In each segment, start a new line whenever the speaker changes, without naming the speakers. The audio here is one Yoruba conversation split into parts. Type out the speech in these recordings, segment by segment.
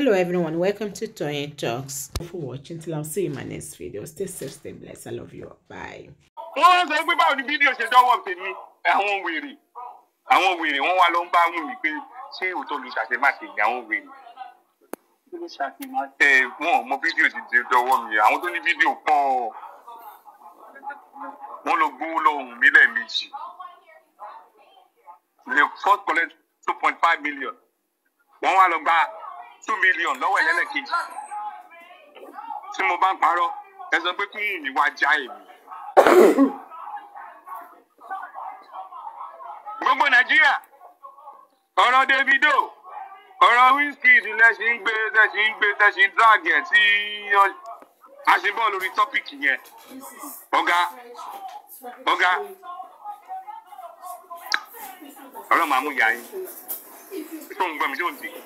hello everyone welcome to Toyeen Talks Thank you for watching till I see you in my next video stay safe
stay blessed i love you all bye. wọ́n sọ pé báwo ni fídíò ṣe dọ́wọ́ tèmi àwọn wèrè àwọn wèrè wọ́n wá ló ń bá wùn mí pé ṣé òótọ́ ló ṣàṣemáṣe ìyá àwọn wèrè wọn mọ fídíò dídí dọ́wọ́ mi àwọn tó ní fídíò pọ̀ wọ́n lọ gbówó lọ́hùn mí lẹ́ẹ̀mejì the first collect two point five million wọ́n wá lọ gba two million lọ́wọ́ ẹlẹ́lẹ́kejì tí mo bá ń parọ́ ẹ sọ pé kúhùn mi wá já èmi. gbogbo nàìjíríà ọ̀rọ̀ Davido ọ̀rọ̀ Wizkid lẹ́sìn ń gbé lẹ́sìn ń gbé lẹ́sìn drag ẹ̀ tí a ṣe bọ́ lórí tọ́pìkì yẹn ọ̀gá ọ̀gá ọ̀rọ̀ màmú yà yín tó ń gbọ́ mi tó ń dì í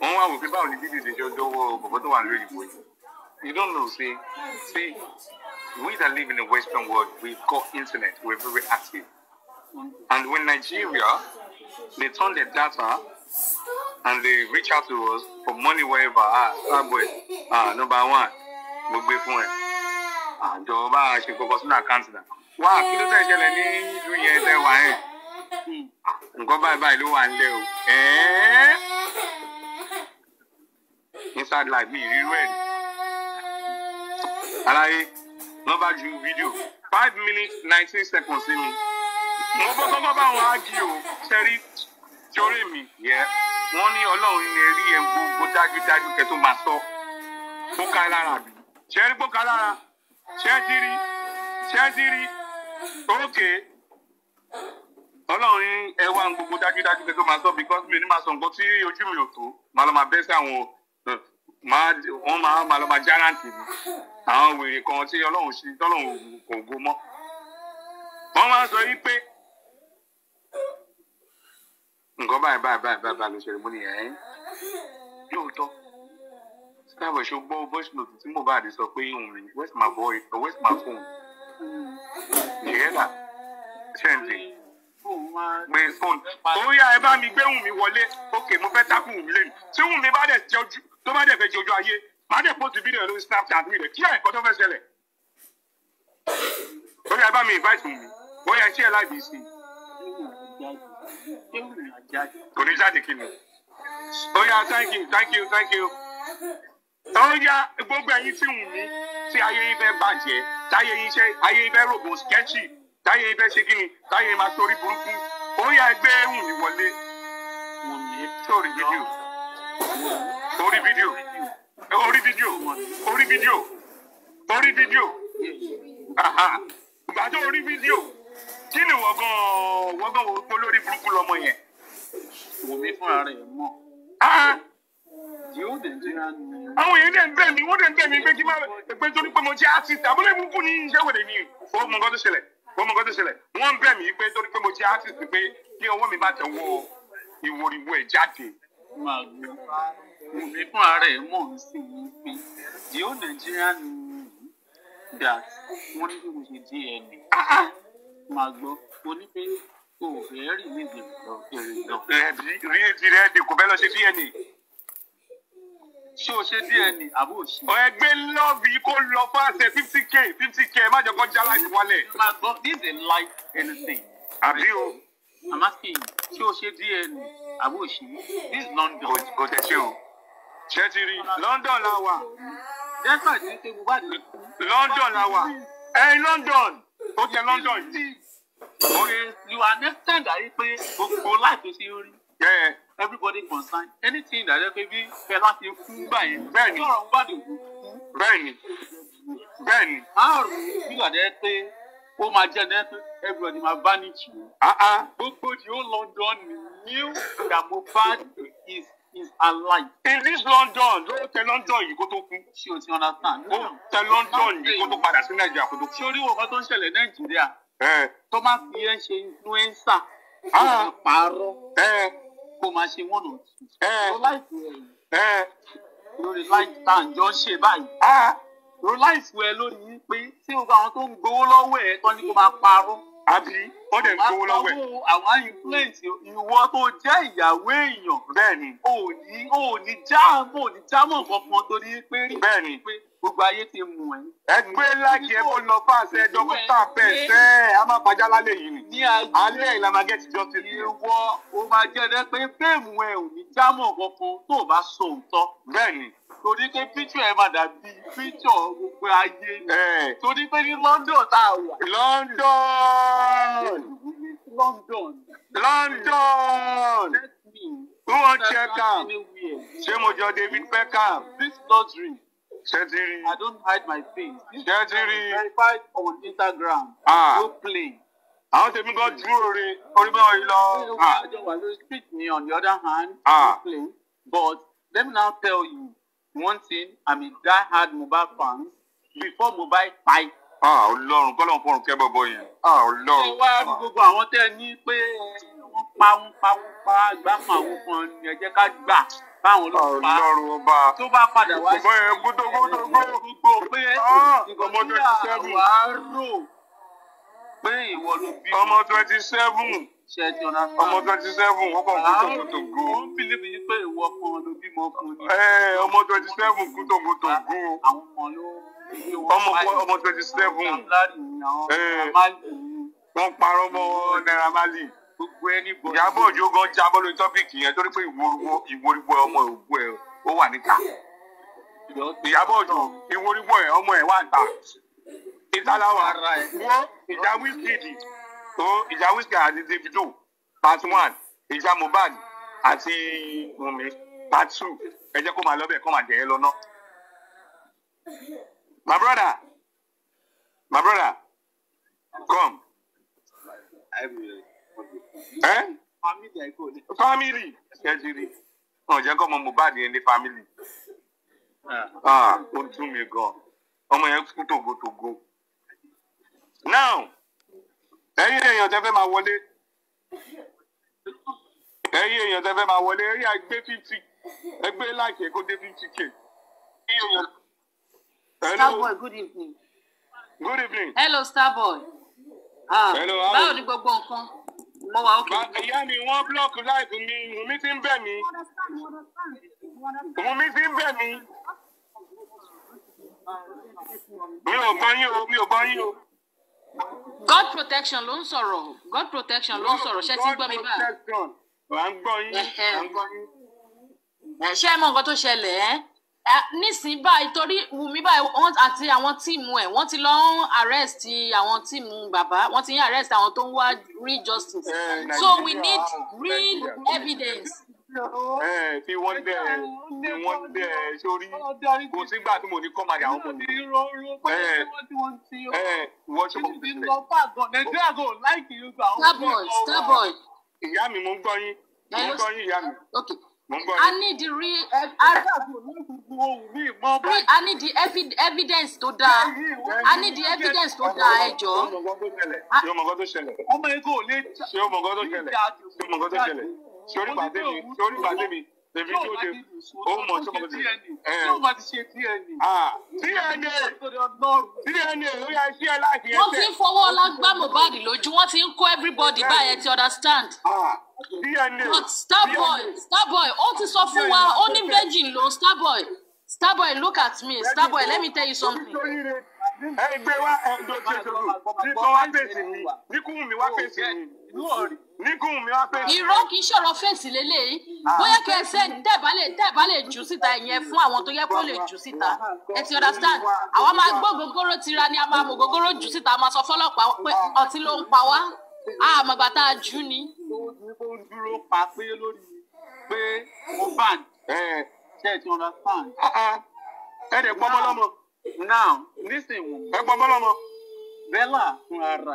wọ́n wá wò pé báwo ni dídì ìdíjọ́ dọ́wọ́ bọ̀bọ́ tó wà lórí ìbò yìí you don't know say say we that live in the western world we got internet we very active and when Nigeria they turn their data and they reach out to us for money wherever ah starboy ah number one mo gbé fún ẹ àjọba ṣe kọkọ sínú àkáǹtì náà wá kí ló tẹ̀ ṣẹlẹ̀ ní ìlú yẹn tẹ̀ wá ẹ̀ nǹkan báyìí báyìí ló wà ń lẹ̀ o inside life me, you ẹ̀ aláyé wọ́n bá ju fídíò five minutes nineteen seconds in me. mo bọ́ kọ́kọ́ bá wọn ági o sẹ́rí torí mi yẹ wọ́n ní ọlọ́run ní ẹrí ẹ̀ gbogbo dájúdájú kẹ́ tó máa sọ ó ká lára bí sẹ́rí pọ́ ká lára sẹ́ńtírì sẹ́ńtírì ókè ọlọ́run ẹ wá gbogbo dájúdájú kẹ́ tó máa sọ because mi ò ní máa sọ nǹkan tí ojú mi ò tó màá lọ máa bẹ́ sí àwọn o máa wọ́n máa máa lọ máa járántì mi àwọn wèrè kan tí ọlọ́run ṣe tọ́lọ́run kò go mọ́ wọ́n máa sọ wípé nǹkan báyìí báyìí báyìí báyìí báyìí ló ṣẹlẹ̀ mú nìyẹn ẹ́ lóòótọ́ sábà ṣe gbọ́ voice note tí Mohbad sọ pé òun rìn where's my boy where's my phone nìyẹn là ṣẹ́ǹtì gbé fóònù òun yà ẹ bá mi gbé Wùnmí wọlé òkè mo fẹ́ tákù Wùnmí lẹ́nu tí Wùnmí bá dẹ̀ jẹ ojú tó bá dẹ̀ fẹ́ jẹ ojú ayé má dẹ̀ pòtù fídíò lórí Snapchat mi rẹ̀ kí ẹ̀ nǹkan tó fẹ́ ṣẹlẹ̀ òun ẹ bá mi invite Wùnmí òun yà ẹ ṣí ẹ láì bí sí kò ní jáde kí ni òun thank you thank you thank you òun yà gbogbo ẹ̀yin tí Wùnmí tí ayé yín fẹ́ bàjẹ́ táyé yín fẹ́ ayé yín fẹ́ rògbò sketchy táyé ibẹ̀ ṣe kí ni táyé máa torí burúkú orí ẹgbẹ́ ẹ̀hùn mi wọlé sórí fídíò orí fídíò orí fídíò orí fídíò orí fídíò ìgbà tó orí fídíò kí ni wọ́gán wọ́gán wo pé lórí burúkú lọ́mọ yẹn.
wòmí fúnra rẹ̀ mọ̀.
àwọn èèyàn dẹ̀ ń bẹ̀ mí wọ́n dẹ̀ ń bẹ̀ mí pé kí pé torí pé mo jẹ́ artist àbúlé burúkú ní iṣẹ́ ni ó mọ nǹkan tó ṣẹlẹ̀ mo mọ nǹkan tó ṣẹlẹ̀ wọ́n ń bẹ̀ mí pé torí pé mo jẹ́ artist pé kí owó mi bá tẹ̀ wọ ìwòrìwò ẹ̀ jáde. Mùmí fún ààrẹ mọ̀ ń sì ń fi the old Nigerian that wọ́n ní bí mo ṣe di ẹni. Ah, ah. Màá gbọ́, mo ní pé o ò fẹ́ rìn ní ìgbìmọ̀ èrè lọ. Rẹ́ẹ̀dì rẹ́ẹ̀dì kò fẹ́ lọ ṣe DNA ṣé o ṣe díẹ̀ ni àbò ṣe. ọ̀rẹ́ gbé lọ́ọ̀bì kó lọ fáṣẹ fifty k fifty k má jẹ́ kó já láti wálẹ̀. máa gbọ́ this is life anything. àbí o. I'm asking ṣé o ṣe díẹ̀ ni àbò ṣe. this is London. kò tẹ̀ ṣe o. ṣé ti rí London la wà. dẹ́sà ti ń tẹ́gbù bá mi. London la wà. ẹ London ó jẹ London yìí. oye you understand àyè pé gbogbo life, tó ṣe orí everybody concerned anything that pé bí fẹlá ti kú gbà yẹn bẹ́ẹ̀ ni ọ̀rọ̀ gbàdùn kú. bẹ́ẹ̀ ni bẹ́ẹ̀ ni. àrùn nígbà dẹ́ pé ó máa jẹ́ dẹ́ pé everybody máa bá ní jù. gbogbo di ó London new that Mohbad is is alive. in this London ló tẹ London yìí kó tó kú. ṣé o ti understand. ó tẹ London yìí kó tó padà sí Nàìjíríà kó tó kú. ṣé orí wo kan tó ń ṣẹlẹ̀ Nàìjíríà. Eh. tó máa fi ẹ ṣe influencer. Ah. pààrọ̀. Eh kó máa ṣe one or two. ló láìpù ẹ lórí láìpù tá à ń jọ ṣe báyìí. Ah. ló láìpù ẹ lónìí pé tí o bá àwọn tó ń gbowó lọ́wọ́ ẹ tán ni kó máa parọ́. àbí ó dẹ̀ ń gbowó lọ́wọ́ ẹ. àwọn influence ìwọ tó jẹ́ ìyàwó èèyàn. bẹ́ẹ̀ni. o ò ní jáàmù ò jáàmù kankan torí pé. bẹ́ẹ̀ni pé gbogbo ayé ti mú ẹ. ẹ gbé láàkì kó lọ fáṣẹ dókítà bẹ́ẹ̀ a máa fàjà lálẹ́ yìí ni alẹ́ ìlànà gẹẹsì justice. ìwọ o máa jẹ ẹ pé fíìmù ẹ ò ní jámọ́ kankan tó o bá sọ òótọ́. bẹ́ẹ̀ni. torí pé píṣọ ẹ máa dàbí píṣọ gbogbo ayé ni. torí pé ní London tá a wà. London. London. London. Let who wan check am? ṣé mo jọ David Beckham. this lottery ṣẹ́tìrì. I don't hide my face. ṣẹ́tìrì. verified on Instagram. Ah. no play. àwọn tèmi kan dúró re orí bá wọn lọ. àjọ wà lórí street ni on the other hand. Ah. no play but let me now tell you one thing I mean, that hard mobile fan before mobile fight ah, ọlọ́run kọ́lọ́run fọ́run kẹ́ bọ́bọ́ yẹn ah, ọlọ́run. ṣé wàá rí gbogbo àwọn tẹ́ ẹ ní pé wọ́n pa wọ́n pa wọ́n pa gbá fún àwọn kan ẹ ká gbà báwọn ló tó bá padà wá sí gbogbo pé ah, ìgbòmíyà wà á rò pé ìwọ ló bí ọmọ twenty seven ọmọ twenty seven wọ́n kàn kú tòmótògó. mo ń pé ìwọ kan ló bímọ fún mi. ọmọ twenty seven kú tòmótògó. Ah, ọmọ twenty seven wọ́n parọ́ mọ́ Naira Marley gbogbo ẹni bọ̀. Ìyábọ̀ Òjó gan jábọ́ lórí tọ́pìkì yẹn torí pé ìwòrìwò ọmọ ògùn ẹ̀ ó wà níta. Ìyábọ̀ Òjó ìwòrìwò ẹ̀ ọmọ ẹ̀ wà níta. Ìtàláwà wọ́n ìjà wíkìdì tó ìjà wíkìdì àti Davido part one ìjà Mohbad àti Wùnmí part two ẹ jẹ́ kó máa lọ́bẹ̀ kó máa jẹ́ ẹ lọ́nà. My brother, my brother, come. I will family kẹsìrì wọn jẹ kọmọ Mohbad yẹn ní family ah. Ah, ó dùn mí gan ọmọ yẹn kú tògótògó now ẹ̀yin èèyàn tẹ́ fẹ́ máa wọlé ẹ̀yin èèyàn tẹ́ fẹ́ máa wọlé ẹ̀yin àgbẹ fifty ẹgbẹ láìkẹ kó dé fifty k ẹ̀yin èèyàn. Starboy good evening. good evening. hello Starboy. Ah, hello how are báwo ni gbogbo nǹkan mo wà ókè. ìyá mi wọ́n búlọ́ọ̀kì láìpẹ́ mi Wùmí ti ń bẹ̀ mí. Wùmí ti ń bẹ̀ mí. mi ò gbọ́ yín o mi ò gbọ́ yín o. God
protection ló ń sọ̀rọ̀ God protection ló ń sọ̀rọ̀ ṣé ti gbọ́ mi bá.
à ń gbọ́ yín à ń gbọ́ yín.
ṣé ẹ mọ nǹkan tó ṣẹlẹ̀ ẹ́ nísìnyí báyìí torí Wùmí báyìí wọn àti àwọn tíìmù ẹ wọn ti lọ ń arrest àwọn tíìmù bàbá wọn ti ń arrest àwọn tó ń wá real justice
eh, so we need oh, real evidence. ẹ eh, fi wọn dẹ fi wọn dẹ sórí kò sígbà tí mo ní kọ́ máa yàwó mọ̀ ní. ẹ ẹ wọ́n eh, ṣe kọ́ fún mi. starboy starboy. ìyá mi mo ń gbọ́ yín mo ń gbọ́ yín ìyá mi. okay I
need the real I need the evi evidence to dáa I need the evidence to dáa ẹ
jọ̀ọ́. Ṣé o mọ̀ nǹkan tó ṣẹlẹ̀? Ṣé o mọ̀ nǹkan tó ṣẹlẹ̀? Ṣé o mọ̀ nǹkan tó ṣẹlẹ̀? Ṣé o rí pàdé mi? Ṣé èmi tí ó de ó mọ̀ tí ó mọ̀ tí ó mọ̀ tí ṣe DNA DNA ó yà ṣí ẹ láti ẹsẹ̀. wọ́n ti ń fọwọ́ ọlá gbá Mohbad lójú
wọ́n ti ń kó everybody báyẹn ti understand. Ah, DNA but Starboy Starboy ó ti sọ fún wa ó ní virgin ló Starboy Starboy look at me Starboy let me tell you something
ẹ gbé wá ẹdọjọjọjọ nípa wá fèsì mi níkùn mi wá fèsì mi níkùn mi wá
fèsì mi. ìró kì í ṣòro fèsì lélẹ́yìí bóyá kẹsẹ̀ tẹ̀bálẹ̀ tẹ̀bálẹ̀ jù síta ìyẹn fún àwọn tó yẹ kó lè jù síta ẹ ti understand àwa máa gbọ́ gogoro tira ni a máa mọ gogoro jù síta a máa sọ fọlọ́pàá pé ọtí ló ń pa wá àmọ̀gbà tá a jù
ni. ó dúró pa pé lórí pé mo bá ṣe é ti understand. ẹ ẹ dẹ̀ gbọ́mọ́ lọ́mọ now nísìnyí ẹ̀gbọ́n bọlọmọ bẹ́là fún ara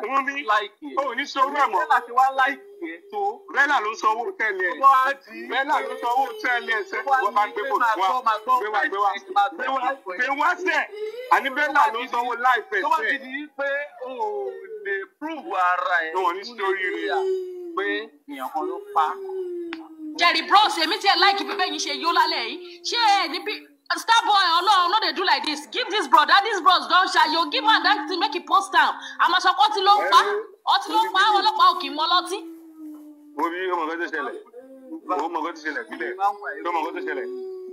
láìkì ẹ̀. ó ní sọ́wọ́ ẹ̀ mọ́. bẹ́là ti wá láìkì ẹ̀ tó. bẹ́là ló sanwó tẹ́lẹ̀ ẹ̀. wọ́n á di. bẹ́là ló sanwó tẹ́lẹ̀ ẹ̀. wọ́n bá gbé kò tó wa gbé wa gbé wa gbé wa gbé wa sẹ̀. àní bẹ́là ló sanwó láìpẹ́ sẹ̀. tó bá ti di pé o lè prove ara ẹ̀. wọn ní sítórí rẹ̀ pé èèyàn kan ló pa.
jerry bros èmi tiẹ̀ láìkì bíbẹ́ yìí ṣe yó lálẹ́ yìí ṣé ẹ níbi star boy ọlọ́run oh oh no they do like this give this brother this bros don You give am that thing make it post am àmọ́sọ̀kọ́ ti ló ń pa ọtí ló ń pa ọlọ́pàá òkè mọ́ lọ́tí.
mo bí ọmọ kan tó ṣẹlẹ̀ owó mọ̀ kan tó ṣẹlẹ̀ sílẹ̀ tó mọ̀ kan tó ṣẹlẹ̀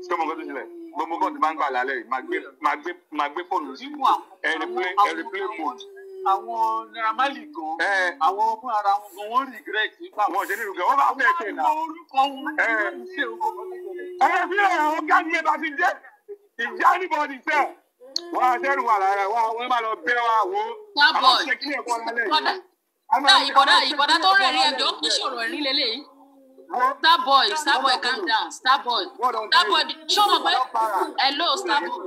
tó mọ̀ kan tó ṣẹlẹ̀ gbogbo kan ti máa ń gbà lálẹ́ yìí máa gbé fóònù sí ẹ̀rí play mode àwọn Naira Marley gan àwọn ọmọ ara wọn gan wọn regret nípa wọn ṣe nínú gan wọn bá fẹ́ pè náà àwọn orúkọ wọn ní ṣe òkú kan nígbà yẹn. ẹ bí àwọn gáàdì yẹn bá ti jẹ ìjà anybody tẹ wọn àtẹrù wà lára wa wọn bá lọ bẹ wa wo àwọn ṣe kí ẹ̀kọ́ lálẹ́ yìí. ìbọ̀dá ìbọ̀dá tó rẹ̀rìn ẹ̀jọ́ kì í ṣòro ẹ̀rín
lélẹ́yìí. Starboy Starboy calm down Starboy Starboy ṣé o mọ̀ pé hello Starboy.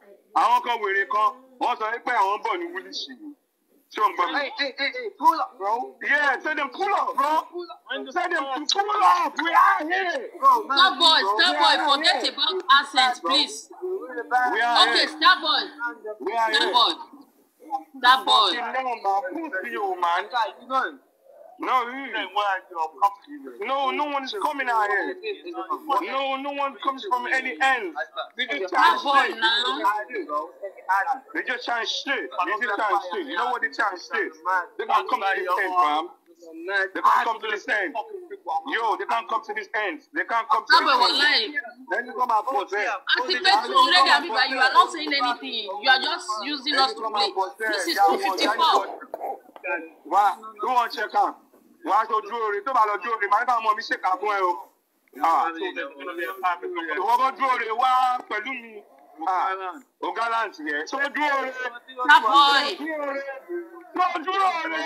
àwọn kan wèrè kan wọ́n sọ pé àwọn ń ní wúlíṣì yìí. Show them, brother. Hey, hey, hey, hey, pull up, bro. Yeah, send them pull up, bro. Pull up. Send them pull, up. We are here. Bro, man, Star boy, Star boy, forget here. about accents, please.
We are okay, here. Star boy. We are Star here. boy.
Star boy. Star boy. Star boy. Star No, no, no one's coming out here. No, no one comes from any end. They just try and steal. They just try and steal. They just try and steal. You know what they try and steal? They can't come to this end, fam. They can't come to this end. Yo, they can't come to this end. They can't come to ah, this end. Then you come and protest. I think that's already, but You are not saying anything. You are just using us to play. This is 254 wá ló wọ́n ṣe kà wá tó dúró rè tó bá lọ dúró rè màá nípa ọmọ mi ṣèkà fún ẹ o ah, ìwọ bó dúró rè wá pẹ̀lú mi ah, o gallant yẹ tó dúró rè
tó
dúró rè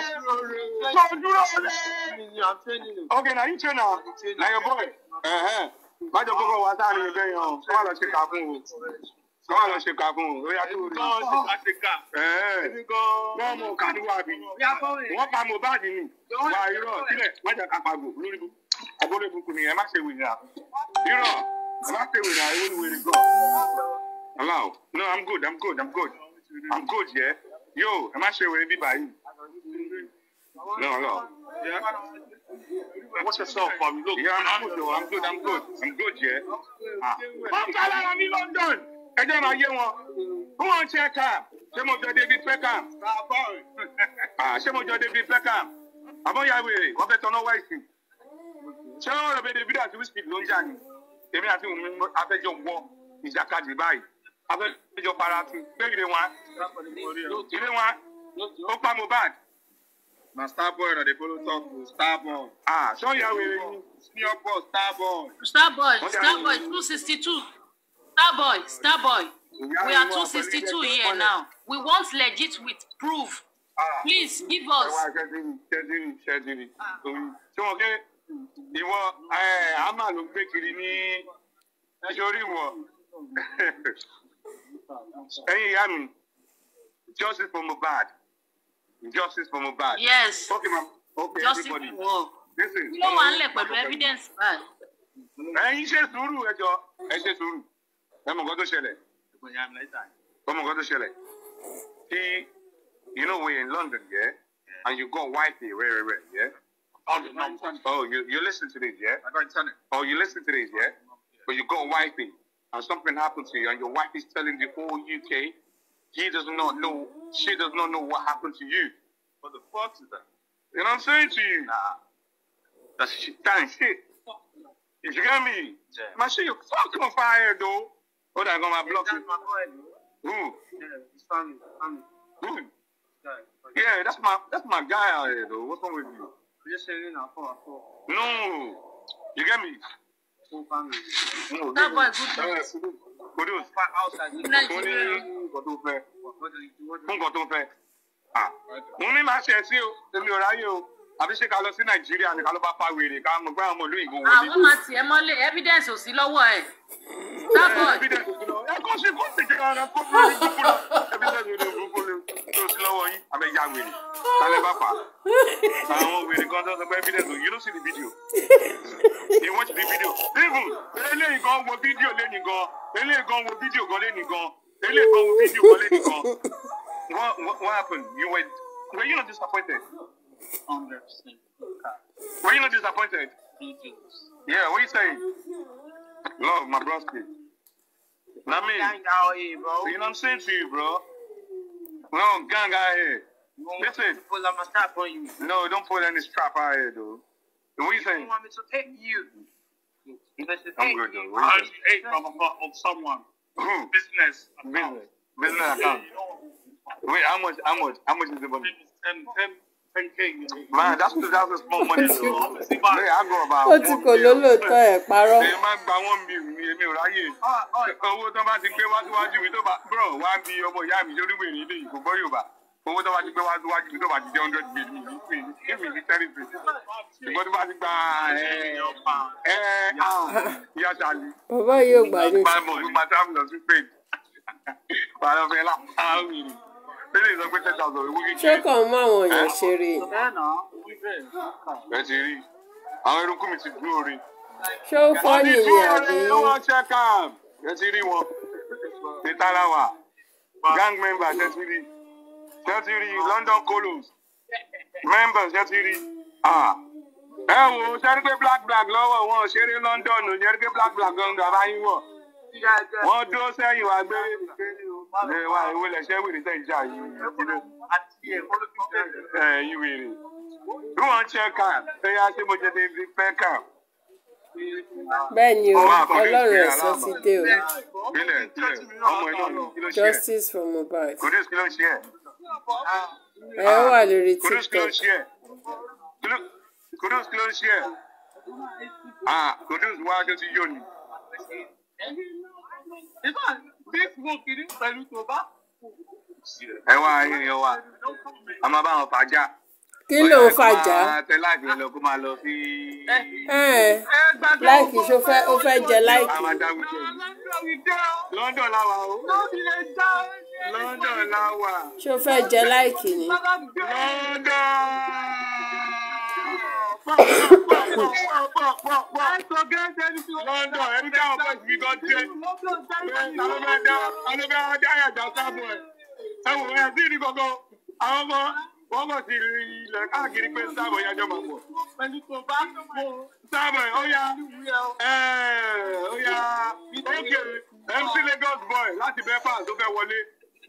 tó dúró rè ok na you train am na your boy. Májọ̀ gbogbo wa sáà ní ibẹ̀ yẹn o, wọ́n lọ ṣe kà fún o sọ àwọn ṣe ká fún un lóyá tó rí wọn ṣe ká ṣe ká wọn mọ ká ní wàbí pa Mohbad ni wà irọ́ sílẹ̀ wọn jà ká pàgò lórí bu àbúrò ìbùkún ni ẹ má ṣe wìyà irọ́ ẹ má ṣe wìyà ẹ wọlé wẹrẹ gan allow no i'm good i'm good i'm good i'm good yeah yo ẹ má ṣe wẹrẹ bíbá yìí no no yeah. What's yourself, Bobby? Look, yeah, I'm, I'm good, though. I'm good, I'm good. I'm good, yeah. Ah. Come to London! ẹjọ́ máa yé wọn bí wọ́n ṣe ẹ̀ka ṣé mo jọ David Beckham ah, ṣé mo jọ David Beckham àbọ̀yàwó rẹ̀ wọ́n fẹ́ tọ́nà wáìsì ṣé wọ́n rẹ̀ bẹ David àti Wizkid ló ń jà ní èmi àti wùmí afẹ́jọ́ wọ ìjàkadì báyìí afẹ́jọ́ para tún gbé ìrè wọn ìrè wọn ó pa Mohbad. Na Starboy na dey follow talk to Starboy. Ah, ṣọ́ọ̀yà wèrè ni. Senior boss Starboy. Starboy Starboy two sixty two.
Starboy, Starboy, we are 262 here now. We want legit with
proof. Ah. Please give us. Ìwọ àmà ló gbé kiri ní ẹjọ́rí wọ̀. Ẹyin ìyá mi, justice for Mohbad, justice for Mohbad. Yes, okay, ma'am. okay, justice everybody. for Mohbad. Listen, kí ló wà evidence man. Ẹyin ṣe sùúrù ẹjọ́, ẹ ṣe sùúrù. I'm going tó it. I'm going tó it. tí you know we're in London yeah and you got wifey where, where, yeah. Oh, oh, you you listen to this, yeah? I Oh, you listen to this, yeah? But you got wifey, and something happened to you, and your wife is telling the whole UK, he does not know, she does not know what happened to you. What the fuck is that? You know what I'm saying to you? Nah. That's shit. Damn shit. You get me? Yeah. My shit, you're fucking on fire, though. ó dà gan ma block you. who. Yeah, his family. family. who. yeah that's my that's my guy out here though what's wrong with you. I'm just saying na four four. no you get me. whole family. no that boy good. Kudus. Mo ní nǹkan tó fẹ́. Mo ní nǹkan tó fẹ́. Mo ní máa ṣe ẹ sí o, èmi ò ráyè o àbí ṣé ká lọ sí nàìjíríà ni ká ló bá pa wèrè ká mọ gbọ́dọ̀ mọ lóyìnbó wọlé. àwọn máa
tiẹ̀ mọ́lẹ̀ evidence ò sí lọ́wọ́ ẹ̀. sábọ̀ evidence
ò sí lọ́wọ́ ẹ̀ kó ṣe kó ṣe jẹ́ ara kó fún mi gbogbo lọ evidence ò ní gbogbo lọ tó sí lọ́wọ́ yín àbẹ̀ ya wèrè lálẹ́ bá pa àwọn wèrè kan tó sọ pé evidence ò you no see the video you watch the video even eléyìí gan wo fídíò lẹ́nìí gan eléyìí gan wo fídíò gan lẹ́nìí gan eléyìí gan wo fídíò gan lẹ́nìí gan what what happened you were were you not disappointed. Were you not disappointed? Yeah, what you saying? Love, my brother. Not me. Here, bro. You know what I'm saying to you, bro? We don't gang out here. Listen. Pull my strap on you. No, don't pull any strap out here, though.
What you saying? You want
me to take you. I'm good, though. What I only someone. Who? Business. Business. Business account. Wait, how much? How much? How much is the money? 10, 10, Man, that's two thousand money. I'm going about. Ó ti kò lólóòótọ́ ẹ̀ parọ́. Ṣé máa gba one bill ni èmi ò ráyè? Owó tó bá ti gbé wá síwájú mi tó bá bro wá bí ọmọ ìyá mi lórí wèrè ilé yìí kò gbọ́ Yorùbá. Owó tó bá ti gbé wá síwájú mi tó bá ti jẹ́ hundred bill mi ní èmi ní tẹ́rìtì. Ṣùgbọ́n tó bá ti gba ẹ ẹ àwọn ìyá Ṣàlì.
Bàbá yóò gbàgbé. Bàbá mi
ò gbàgbé. Bàbá mi ò gbàgbé bẹ́ẹ̀ ni sọ pé ten thousand owó kékeré. ṣé kàn mú àwọn èèyàn ṣe rí i. ẹ ti rí àwọn eruku mi ti dúró rí. ṣé ó fọ́ nìyí àbí. ẹ ti rí wọn ní tarawa gang member ṣe ti rí ṣe ti rí London colons members ṣe ti rí ẹ wo ṣe rí pé black black lọ́wọ́ wọn ṣeré London ṣe rí pé black black gan-an bàbá yín wọ̀ wọ́n dúró sẹ́yìn wá gbé wa ìwé lẹ̀ṣẹ́ wèrè tẹ̀ ń jà yìí ẹ̀yìn wèrè. bí wọ́n ṣe kà ẹ̀yà tí mo jẹ́ ní fẹ́ kà. bẹ́ẹ̀ni o ọlọ́run ẹ̀sọ́ ti dé o
justice from Mohbad
ẹ wà lórí TikTok kudus kí ló ń ṣe ẹ ah, ah, kudus wá tó ti yọ ìfà facebook ni pẹ̀lú tó bá. ẹ wá ayé yẹn wá a máa bá wọn fàájà. kí ló ń fàájà. tẹ láìpẹ́ lọ kó máa lọ sí. láìkì ṣó fẹ́ ó fẹ́ jẹ láìkì. london la o. london la wà. ṣó fẹ́ jẹ láìkì ni. london pé. lọ́dọ̀ ẹni táwọn bọ́ọ̀sì fi gan jẹ ló bẹ dá ló bẹ dá àyàjà sáàbù ẹ̀ ẹ wò ẹ sí ní gbogbo àwọn ọmọ wọ́n mọ̀ sí ilẹ̀ káàkiri pé sáàbù ẹ̀yà jọba pọ̀. sáàbù ẹ̀ ó yá ó yá ókè MC Lagos boy láti bẹ́ẹ̀ fà tó fẹ́ wọlé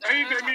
ẹ̀yin tèmi.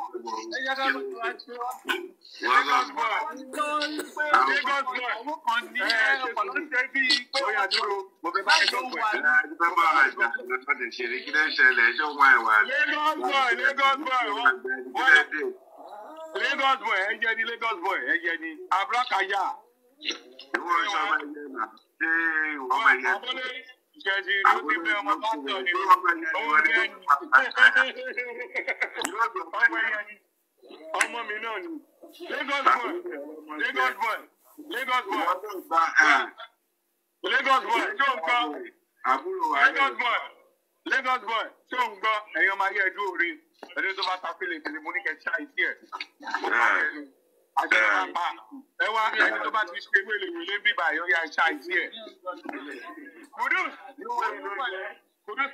Lagos boy, ẹ jẹ ni Lagos boy, ẹ jẹ ni Abrakaya. Ìwọ ìṣọ̀mọ̀ ẹ̀yẹ náà, ṣé ìwọ ọmọ ẹ̀yẹ? Jẹ́sí ọmọ mi náà ni. Lagos boy Lagos boy Lagos boy Lagos boy tó ń gbọ́ Lagos boy Lagos boy tó ń gbọ́ ẹ̀yin ọmọ ayé ẹ̀dú òre ẹni tó bá ta fílẹ̀ ìpínlẹ̀ mo ní kẹ́ ṣáà ìdí ẹ̀ ẹ wá ẹni tó bá ti ṣe wéléwélé bíbá yóò yá ṣáà ìdí ẹ̀. Kudus. Kudus. Kudus.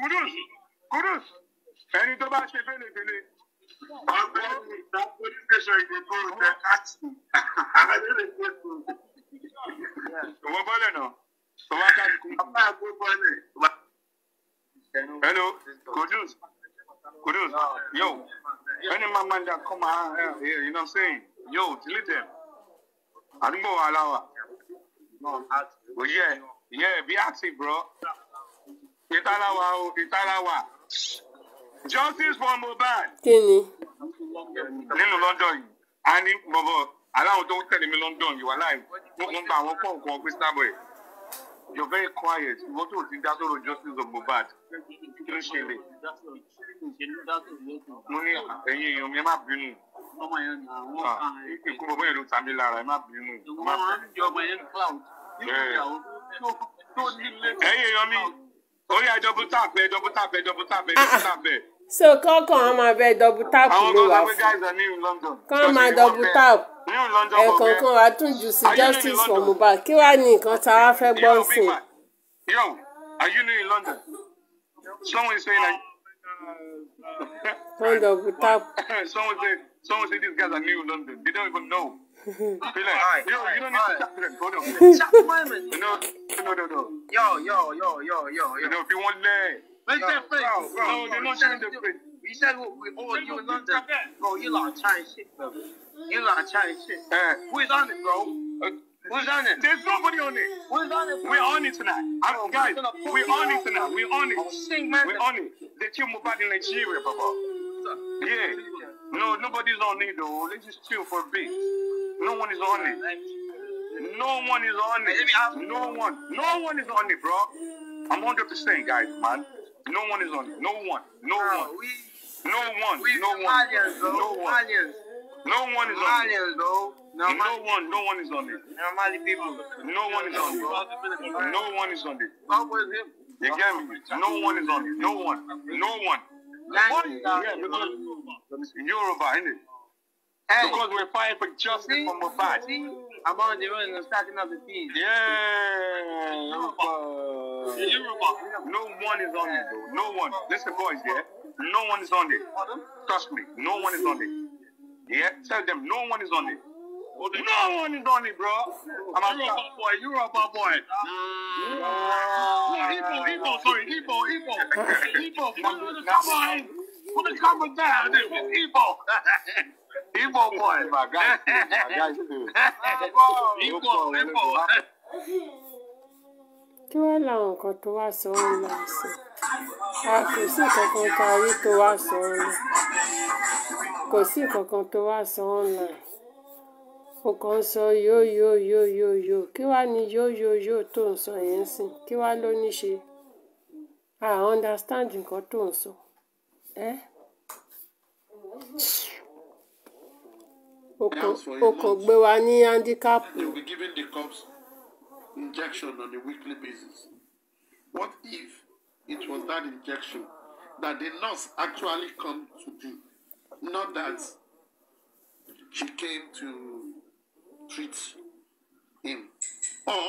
Kudus. Kudus. Ẹni tó bá ṣe fẹ́lẹ̀fẹ́lẹ̀. Ọgbẹ́ mi ta police station ìdìbò rẹ̀ káàtì. Ìwọ bọ́lẹ̀ náà. Ìwọ káàdì kú. Bàbá àgbo bọ́lẹ̀. Hello, Kudus. Kudus, yo, any man that come out here, you know what I'm saying? Yo, delete them àdúgbò wa la wà òye ìyẹn ẹbí active bro ìtàláwa o ìtàláwa justice for Mohbad. kí ni. nínú London yìí a ní bọ̀bọ̀ aláwọ̀ tó ń tẹ̀lé mi London yìí wà láì mo gba àwọn pọ̀ nǹkan ọ̀gbìn Starboy you're very quiet ìwọ tó ti dá sọ̀rọ̀ justice of Mohbad kí ló
so come come máa bẹ dọ́bù double tap, wà fún
kọ́kàn máa dọ́bù ẹ̀ẹ̀kan kan wàá
sí justice for Mohbad kí wàá ní nǹkan tá a fẹ́ gbọ́ sí.
are you new in London? Someone is saying Hold up, tap. Someone say, someone say these guys are new in London. They don't even know. Be like, right, yo, right, you don't need right. to chat to them. Hold on. No, no, no, no. Yo, yo, yo, yo, yo, You know, if you want there. Make their face. No, they're not sharing their face. We said we all you in London. Bro, you lot trying shit, bro. You lot trying Uh, Who is on it, bro? Uh, Who's on it? There's nobody on it. Who's on it? Bro? We're on it tonight. Oh, I'm, oh, guys, we're on it tonight. We're on it. Oh, Sing, man. We're on it. They killed Mubad in Nigeria, Papa. Yeah. No, nobody's on it, though. Let's just chill for a bit. No one is on it. No one is on it. No one. No one is on it, bro. I'm 100% guys, man. No one is on it. No one. No one. No one. No one. No one. No one. No one is on it. No one, no one is on it. Normally people. No one is on it. No one is on it. was You get me? No one is on it. No one. No one. What? Yeah, because Yoruba, innit? Hey. Because we're fighting for justice see, from Mubad. See, I'm on the run and stacking up the team. Yeah. Yoruba. Yoruba. No one is on it, though. No one. Listen, boys, yeah? No one is on it. Trust me. No one is on it. Yeah, tell them no one is on it. No one is on it, bro. I'm a Yoruba boy, You're a Yoruba boy. No, Igbo, Igbo, sorry, Igbo, Igbo. Igbo, come on. Put the camera down, it's Igbo. Igbo boy, my guy. My guy, too. Igbo, Igbo.
kí wá làwọn nǹkan tó wá sọ ọ́ là ń sọ a kò sí kankan tá a rí tó wá sọ ọ́ là kò sí kankan tó wá sọ ọ́ là o kàn ń sọ yóò yóò yóò yóò yóò kí wá ní yóò yóò yóò tó ń sọ yẹn sìn kí wá ló ní ṣe a understand nǹkan tó ń sọ ẹ́ o kò gbé wa ní handicap
injection on a weekly basis? What if it was that injection that the nurse actually come to do, not that she came to treat him? Or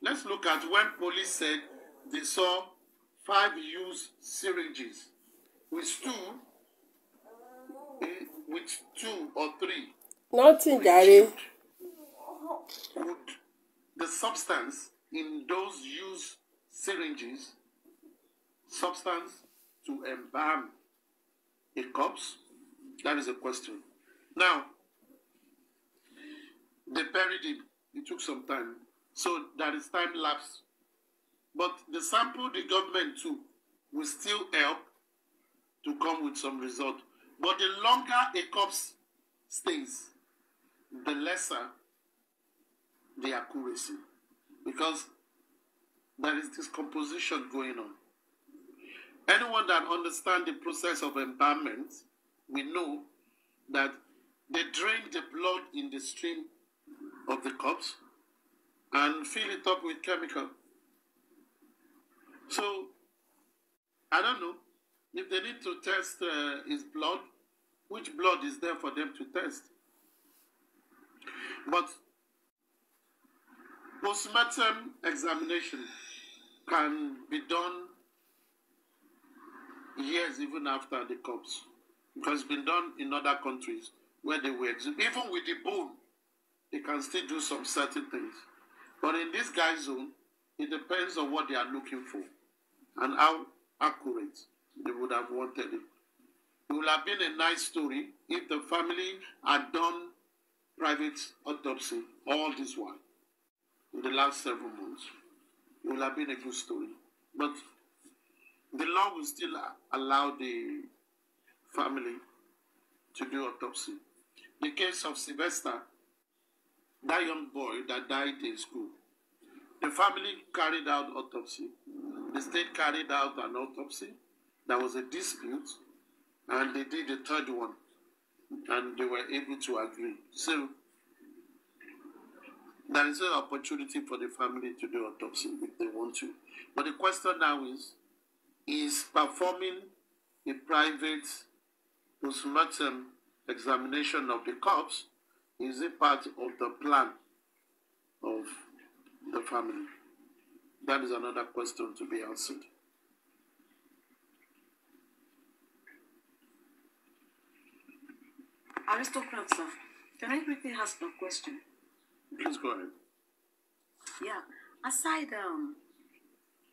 let's look at when police said they saw five used syringes with two with two or three.
nothing jare.
would the substance in those used syringes, substance to embalm a corpse? That is a question. Now, they buried him. It took some time. So that is time lapse. But the sample the government took will still help to come with some result. But the longer a corpse stays, the lesser the accuracy because there is discomposition going on. Anyone that understands the process of embalmment, we know that they drain the blood in the stream of the corpse and fill it up with chemical. So, I don't know if they need to test uh, his blood, which blood is there for them to test? But Postmortem examination can be done years even after the corpse. Because it's been done in other countries where they were even with the bone, they can still do some certain things. But in this guy's zone, it depends on what they are looking for and how accurate they would have wanted it. It would have been a nice story if the family had done private autopsy all this while. in the last several months, it would have been a good story. But the law will still allow the family to do autopsy. The case of Sylvester, that young boy that died in school, the family carried out autopsy. The state carried out an autopsy. There was a dispute, and they did the third one, and they were able to agree. So There is an opportunity for the family to do autopsy if they want to. But the question now is, is performing a private postmortem examination of the corpse is a part of the plan of the family? That is another question to be answered.
Aristocrat, sir, can I quickly ask a question? Please go ahead. Yeah. Aside um,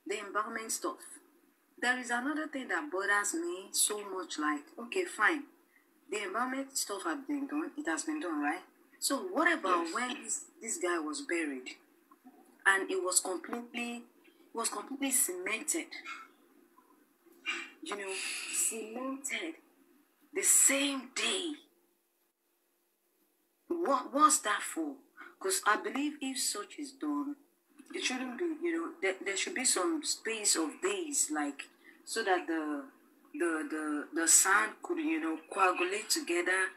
the embalming stuff, there is another thing that bothers me so much. Like, okay, fine. The embalming stuff has been done. It has been done, right? So what about yes. when this, this guy was buried and it was completely was completely cemented? You know, cemented the same day. What was that for? Because I believe if such is done, it shouldn't be, you know, there, there should be some space of days, like, so that the the the the sand could you know coagulate together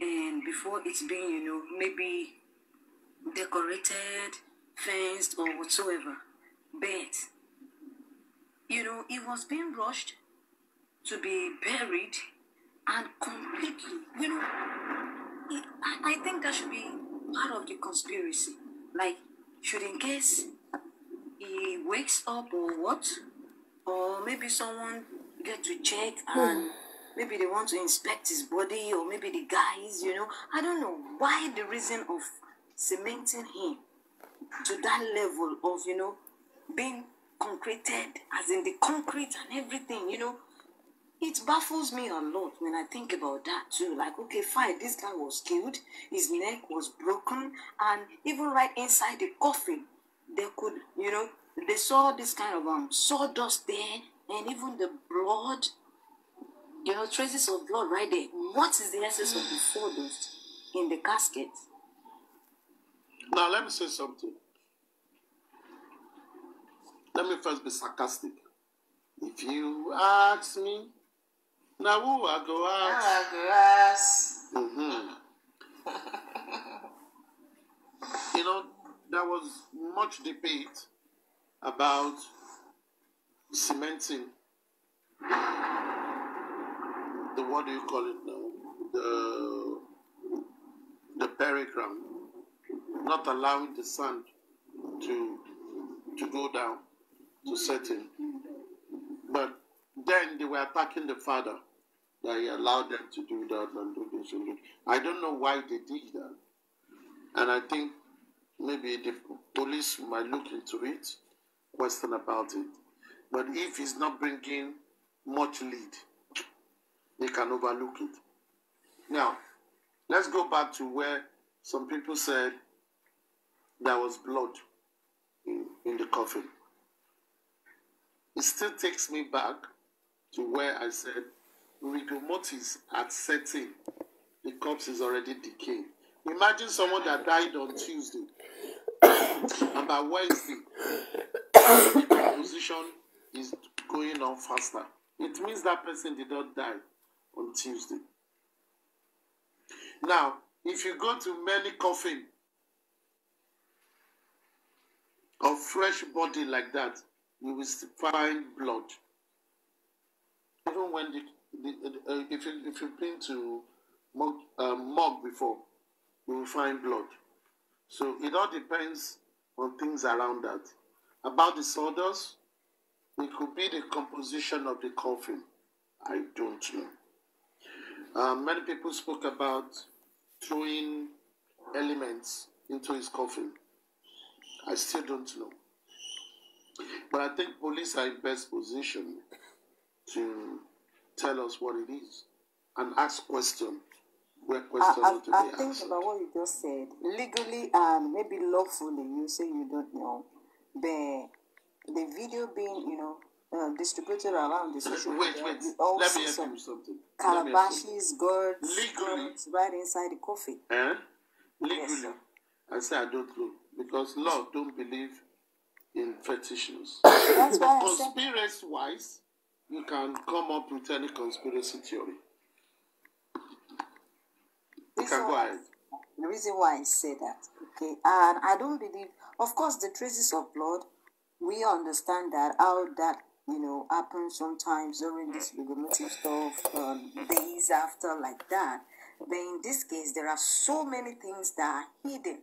and before it's being you know maybe decorated fenced or whatsoever but you know it was being rushed to be buried and completely you know it, I, I think that should be part of the conspiracy. Like, should in case he wakes up or what, or maybe someone get to check and maybe they want to inspect his body or maybe the guys, you know. I don't know why the reason of cementing him to that level of, you know, being concreted, as in the concrete and everything, you know, it baffles me a lot when I think about that too. Like, okay, fine, this guy was killed, his neck was broken, and even right inside the coffin, they could, you know, they saw this kind of um sawdust there, and even the blood, you know, traces of blood right there. What is the essence of the sawdust
in the casket? Now, let me say something. Let me first be sarcastic. If you ask me, now who I go ask? Mm-hmm. you know, there was much debate about cementing the what do you call it now? The the burial not allowing the sand to to go down to set in. But then they were attacking the father I allowed them to do that and do this and do I don't know why they did that. And I think maybe the police might look into it, question about it. But if it's not bringing much lead, they can overlook it. Now, let's go back to where some people said there was blood in, in the coffin. It still takes me back to where I said Rigomotis at setting. The corpse is already decayed. Imagine someone that died on Tuesday and by Wednesday, the composition is going on faster. It means that person did not die on Tuesday. Now, if you go to many coffin of fresh body like that, you will find blood. Even when the uh, if you if you've been to mug, uh, um, mug before, you will find blood. So it all depends on things around that. About the sawdust, it could be the composition of the coffin. I don't know. Uh, many people spoke about throwing elements into his coffin. I still don't know. But I think police are in best position to tell us what it is and ask questions where questions I, I, to be I think about what you just said. Legally and maybe lawfully, you say you don't know.
The, the video being, you know, uh, distributed around the social media. Wait, wait.
All Let me some something. Calabashes, gourds, legally, right inside the coffee. Eh? Legally, yes, I say I don't know because law don't believe in fetishes. That's why conspiracy wise, you can come up with any conspiracy theory. You can go ahead.
The reason why I say that, okay, and I don't believe, of course, the traces of blood, we understand that how that you know, happens sometimes during this regenerative stuff, um, days after, like that. But in this case, there are so many things that are hidden.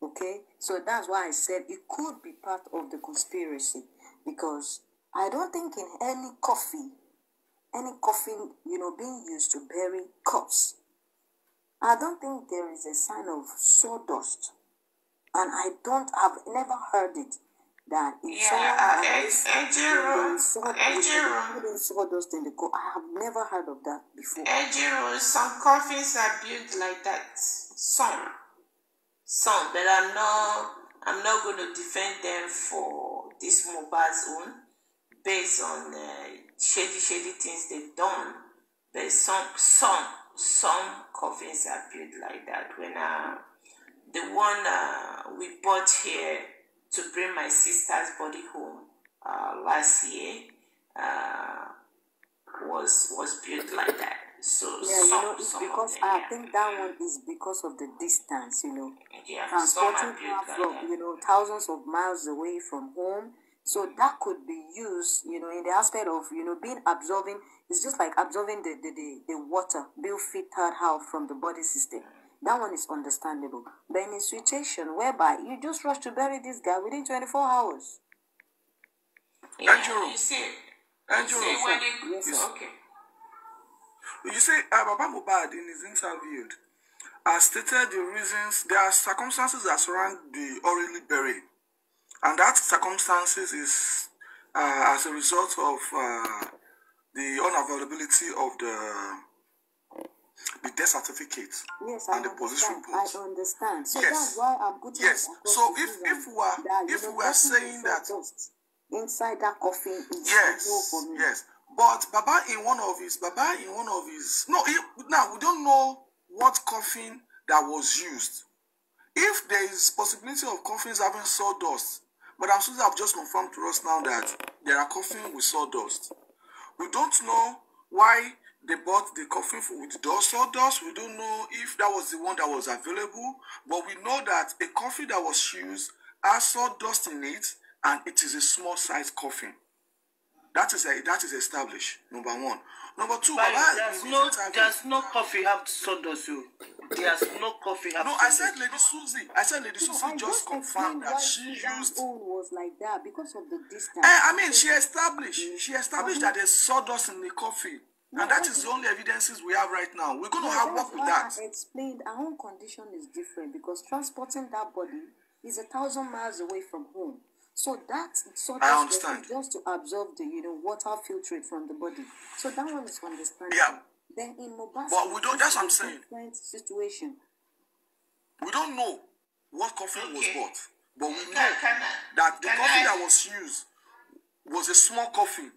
Okay? So that's why I said it could be part of the conspiracy because I don't think in any coffin, any coffin, you know, being used to bury corpse, I don't think there is a sign of sawdust. And I don't, have never heard it that if yeah, some uh, eh, eh, eh, sawdust in the coffin, I have never heard of that before. Ejiro, some coffins are
built like that. Some. Some, but I'm not, I'm not going to defend them for this mobile zone based on uh, shady, shady things they've done. But some, some, some
coffins are built like that. When uh, the one uh, we bought here to bring my sister's body home uh, last year uh, was was built like that. So yeah, some, you know, it's because them, I yeah. think that one is because of the distance, you know, yeah, transporting from like you know thousands of miles away from home so that could be used, you know, in the aspect of, you know, being absorbing. It's just like absorbing the, the, the, the water, bill feed third half from the body system. That one is understandable. But in a situation whereby you just rush to bury this guy within 24 hours. Yeah. Andrew, you see, Andrew, you see, when
they, yes, okay. You say uh, Baba Mubad in his interview has stated the reasons, there are circumstances that surround the orally buried. and that circumstances is uh, as a result of uh, the unavailability of the the death certificate yes, and I the position report. I understand. So yes. that's
why I'm putting Yes. So
if if we are if we are saying that inside that coffin is yes, for me. yes. But Baba in one of his Baba in one of his no he, now we don't know what coffin that was used. If there is possibility of coffins having sawdust, Madam Susan have just confirmed to us now that there are coffins with sawdust. We don't know why they bought the coffin with dust sawdust. We don't know if that was the one that was available, but we know that a coffin that was used has sawdust in it, and it is a small size coffin. That is a, that is established. Number one number two By, baba there's no oh. there's no coffee have sawdust you. there's no coffee have no sawdust. i said lady susie i said lady susie no, just confirmed that she
used that was like that because of the distance uh, i mean she established mm. she established mm. that there's
sawdust in the coffee and that is the only evidences we have right now. We're going to have work with that.
I explained our own condition is different because transporting that body is a thousand miles away from home. So that so I understand. just to absorb the you know water filtrate from the body. So that one is understandable. Yeah. Then in Mobasa, but we don't. That's what I'm saying. Situation. We don't know what coffee okay. was bought, but we know
that the coffee that was used was a small coffee.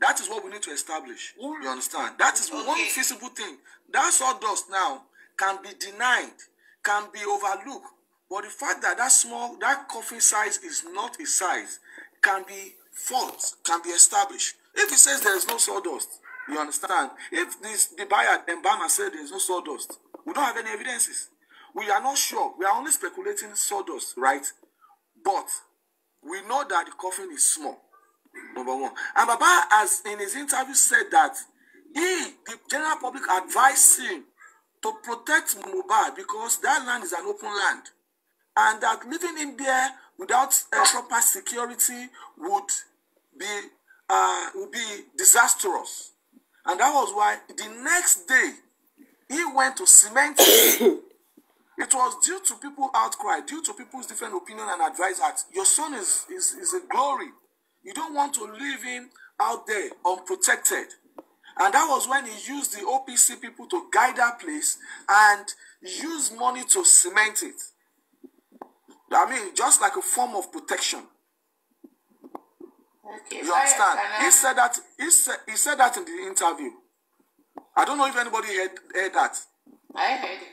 That is what we need to establish. Yeah. You understand? That is okay. one feasible thing. That sawdust now can be denied, can be overlooked But the fact that that small, that coffin size is not a size can be fought, can be established. If he says there is no sawdust, you understand? If this the buyer, the embalmer said there is no sawdust, we don't have any evidences. We are not sure. We are only speculating sawdust, right? But we know that the coffin is small. Number one. And Baba has in his interview said that he, the general public, advised him to protect Mubad because that land is an open land. and that leaving him there without uh, proper security would be uh, would be disastrous. And that was why the next day he went to cement. it was due to people outcry, due to people's different opinion and advice that your son is, is, is a glory. You don't want to leave him out there unprotected. And that was when he used the OPC people to guide that place and use money to cement it. I mean, just like a form of protection. Okay, you understand? I, I he said that. He said, he said that in the interview. I don't know if anybody heard, heard that. I heard him.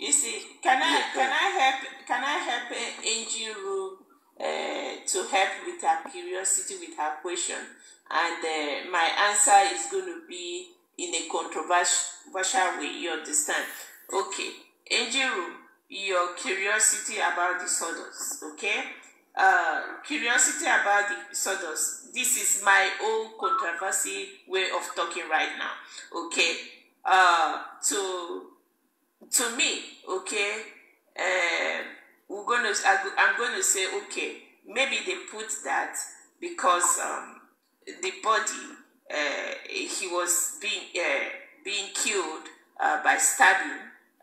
You see, can I yeah. can I
help can I help uh, Angie uh, to help with her curiosity with her question, and uh, my answer is going to be in a controversial way. You understand? Okay, Angie your curiosity about the sawdust, okay? Uh, curiosity about the sawdust. This is my own controversy way of talking right now, okay? Uh, to to me, okay, uh, eh, we're gonna I'm gonna say okay, maybe they put that because um, the body uh, he was being uh, being killed uh, by stabbing,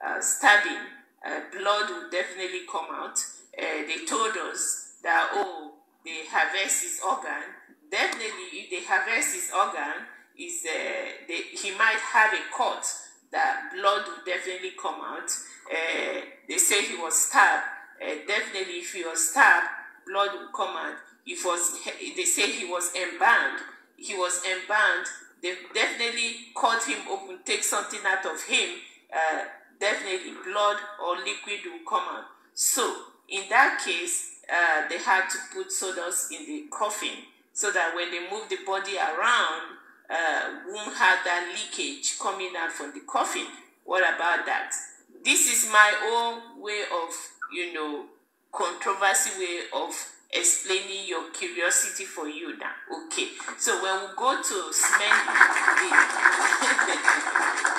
uh, stabbing Uh, blood will definitely come out. Uh, they told us that, oh, they harvest his organ. Definitely, if they harvest his organ, is uh, they, he might have a cut that blood will definitely come out. Uh, they say he was stabbed. Uh, definitely, if he was stabbed, blood will come out. If was they say he was embalmed. He was embalmed. They definitely cut him open, take something out of him. Uh, definitely blood or liquid will come out. So in that case, uh, they had to put sodas in the coffin so that when they move the body around, uh, won't have that leakage coming out from the coffin. What about that? This is my own way of, you know, controversy way of explaining your curiosity for you now. Okay. So when we go to smell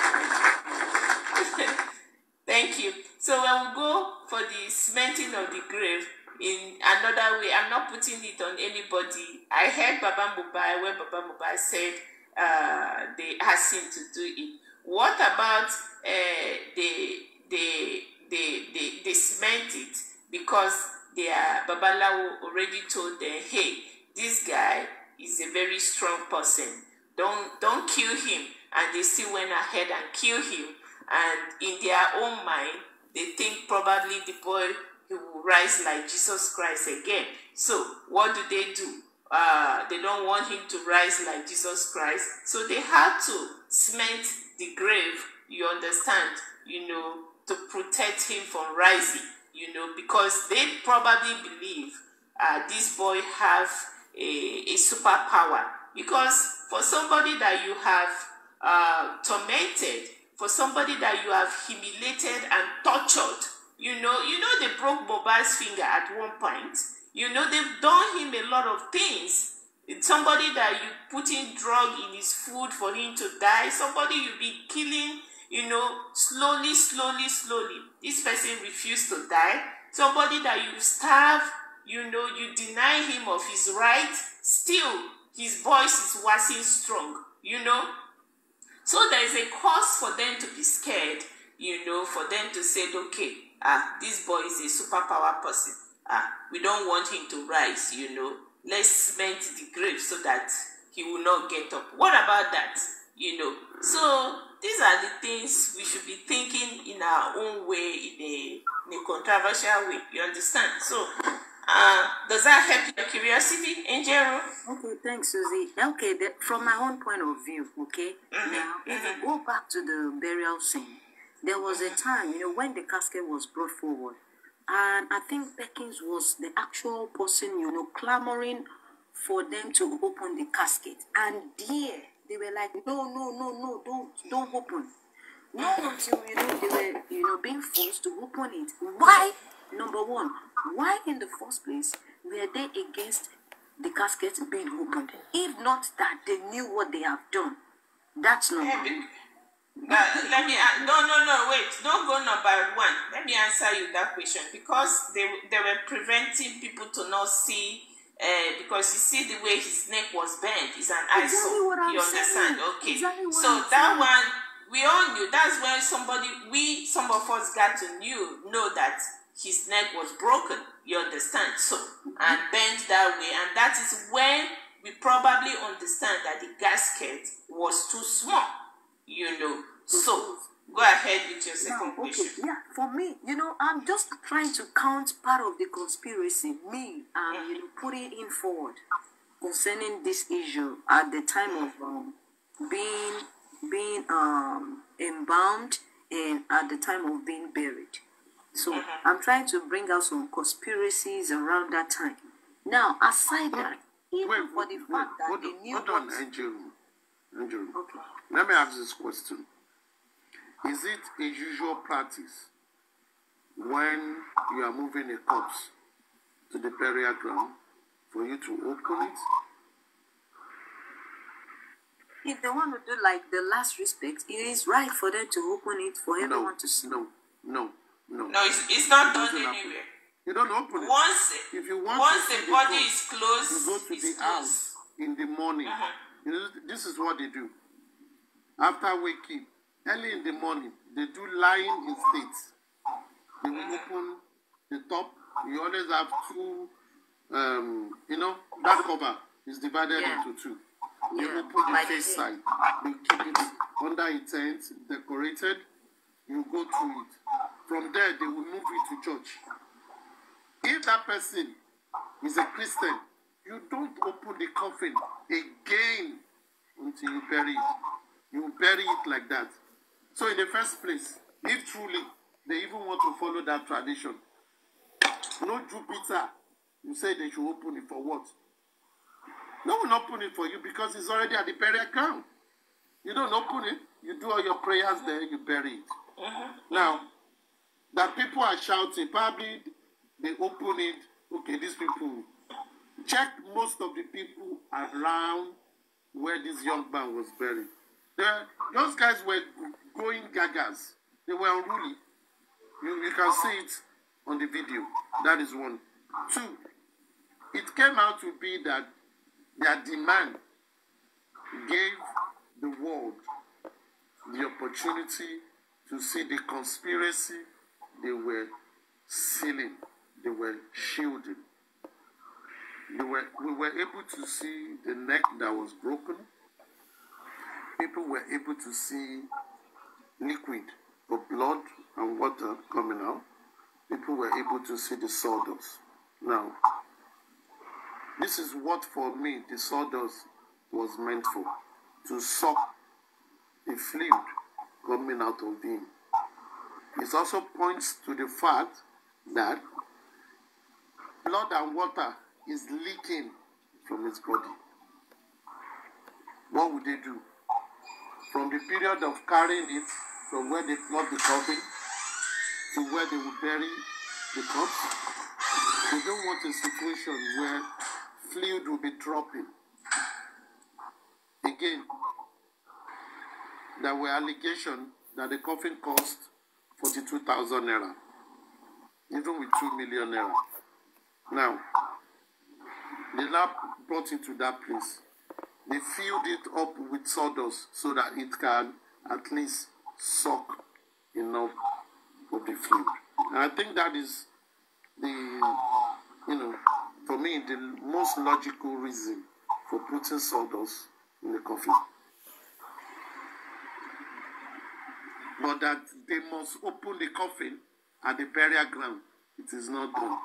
for the cementing of the grave in another way. I'm not putting it on anybody. I heard Baba Mubai when Baba Mubai said uh, they asked him to do it. What about uh, the the they, they, they cement it because their babalawo already told them, hey, this guy is a very strong person. Don't don't kill him. And they still went ahead and killed him. And in their own mind, they think probably the boy he will rise like Jesus Christ again. So what do they do? Uh, they don't want him to rise like Jesus Christ. So they had to cement the grave, you understand, you know, to protect him from rising, you know, because they probably believe uh, this boy have a, a superpower. Because for somebody that you have uh, tormented, for somebody that you have humiliated and tortured. You know, you know they broke Boba's finger at one point. You know they've done him a lot of things. It's somebody that you put in drug in his food for him to die. Somebody you've been killing, you know, slowly, slowly, slowly. This person refused to die. Somebody that you starve, you know, you deny him of his right. Still, his voice is waxing strong. You know, So there is a cause for them to be scared, you know, for them to say, okay, ah, this boy is a superpower person. Ah, we don't want him to rise, you know. Let's cement the grave so that he will not get up. What about that? You know. So these are the things we should be thinking in our own way, in a, in a controversial way. You understand? So Uh, does that help
your curiosity in general? Okay, thanks, Susie. Okay, the, from my own point of view, okay, mm-hmm. now, if mm-hmm. you go back to the burial scene, there was a time, you know, when the casket was brought forward, and I think Perkins was the actual person, you know, clamoring for them to open the casket. And dear, they were like, no, no, no, no, don't, don't open. No, mm-hmm. until you know they were, you know, being forced to open it. Why? Number one, why, in the first place, were they against the casket being opened? If not that they knew what they have done, that's not. Heavy. Hmm.
But let me uh, no no no wait don't go number one let me answer you that question because they they were preventing people to not see uh, because you see the way his neck was bent is an eyesore exactly you understand saying. okay exactly so I'm that saying. one we all knew that's when somebody we some of us got to knew know that his neck was broken. You understand? So, and bent that way. And that is when we probably understand that the gasket was too small, you know. So, go ahead with your second okay, question.
Yeah, for me, you know, I'm just trying to count part of the conspiracy, me, I'm um, you know, putting in forward concerning this issue at the time of um, being being um, embalmed and at the time of being buried. So mm-hmm. I'm trying to bring out some conspiracies around that time.
Now, aside that,
even wait, for the wait, fact that
Hold on, Angel. Angel. Okay. Let me ask this question. Is it a usual practice when you are moving a corpse to the burial ground for you to open it?
If they want to do like the last respect, it is right for them to open it for everyone no, to see. No,
no. No, no it's, it's not done anywhere. You don't open it. Once, if you want once the body the is closed, you go to the closed. house in the morning. Uh-huh. You know, this is what they do. After waking, early in the morning, they do lying in state. They will uh-huh. open the top. You always have two, um, you know, that cover is divided yeah. into two.
You yeah. open the like face side.
You keep it under a tent, decorated. You go to it. From there, they will move you to church. If that person is a Christian, you don't open the coffin again until you bury it. You bury it like that. So, in the first place, if truly they even want to follow that tradition, no Jupiter, you say they should open it for what? No one open it for you because it's already at the burial ground. You don't open it, you do all your prayers there, you bury it. Uh mm-hmm. -huh. Now, that people are shouting. Probably they open it. Okay, these people. Check most of the people around where this young man was buried. The, those guys were going gagas. They were unruly. You, you can see it on the video. That is one. Two, it came out to be that their demand gave the world the opportunity to see the conspiracy They were sealing, they were shielding. They were, we were able to see the neck that was broken. People were able to see liquid of blood and water coming out. People were able to see the sawdust. Now, this is what for me the sawdust was meant for to suck the fluid coming out of him. It also points to the fact that blood and water is leaking from his body. What would they do? From the period of carrying it, from where they plot the coffin to where they would bury the corpse, they don't want a situation where fluid will be dropping. Again, there were allegations that the coffin cost forty two thousand naira even with two million naira now the lab brought him to that place they filled it up with sawdust so that it can at least suck enough of the fluid and i think that is the you know for me the most logical reason for putting sawdust in the coffin. but that they must open the coffin at the burial ground. It is not done.